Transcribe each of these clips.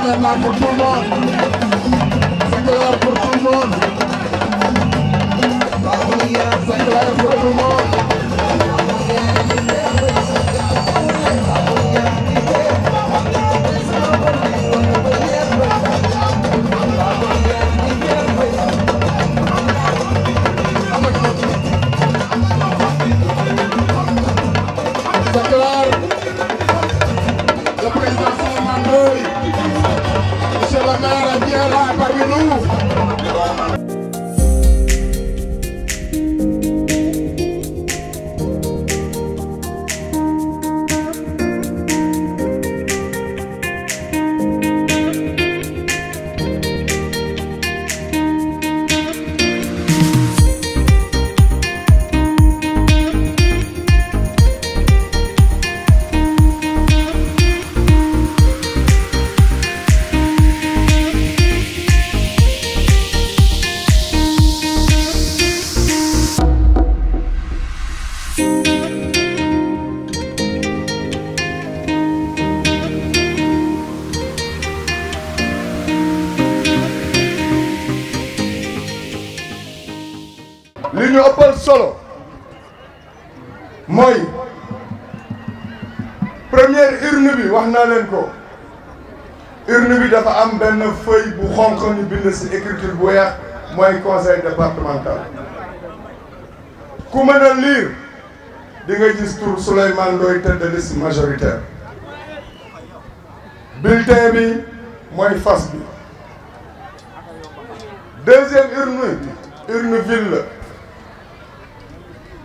c'est clair pour tout le monde c'est clair pour tout le monde c'est clair pour tout le monde le maire viendra parmi nous. li appel solo mooy première urne bi wax naa leen ko urne bi dafa am benn feuille bu xonq ñu bind ci écriture bu weex conseil départemental ku mën a lire di nga gis tur Souleymane Ndoye tête de liste majoritaire bulletin bi mooy fas bi deuxième urne urne ville la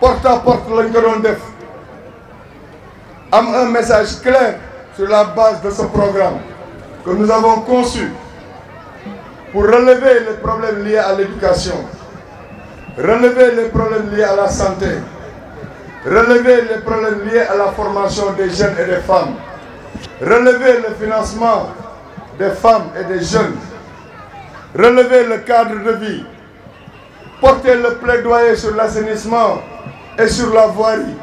porte à porte l'unité Ngorondef. un message clair sur la base de ce programme que nous avons conçu pour relever les problèmes liés à l'éducation, relever les problèmes liés à la santé, relever les problèmes liés à la formation des jeunes et des femmes, relever le financement des femmes et des jeunes, relever le cadre de vie, porter le plaidoyer sur l'assainissement et sur la voirie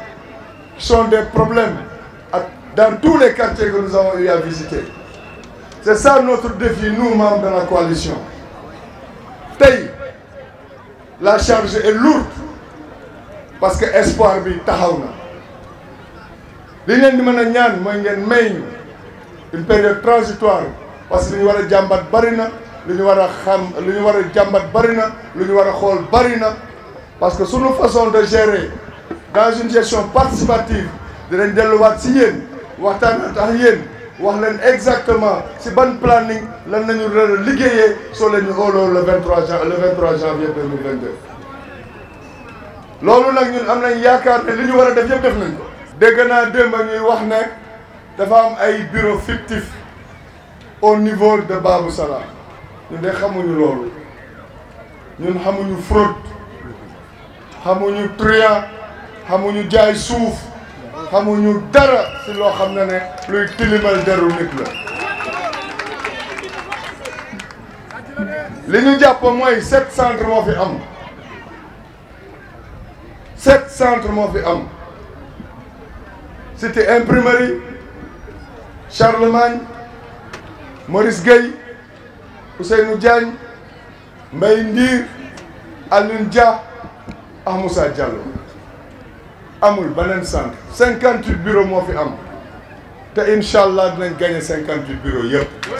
sont des problèmes dans tous les quartiers que nous avons eu à visiter. C'est ça notre défi, nous, membres de la coalition. Tay, la charge est lourde parce que espoir est là. Ce que nous di a ñaan nous une période transitoire parce que nous avons jambat a jàmbat de na lu ñu xam parce que nos façons de gérer dans une gestion participative de exactement si bon planning a le 23 le 23 janvier 2022. lolu nak ñun am nañ yaakaar ne ñu wara def def bureau fictif au niveau de Babou Sala ñun de xamuñu ñun xamuñu xamuñu xamuñu jaay souf xamuñu dara ci lo xamna ne luy tilimal deru nit la liñu japp moy 7 centre mo fi am 7 centre mo fi am c'était imprimerie charlemagne maurice gay ousseynou diagne mbay ndir alun dia ahmoussa amul beneen centre cinquante-huit bureau moo fi am te incha allah dinañ gagné cinquante-huit bureau yëpp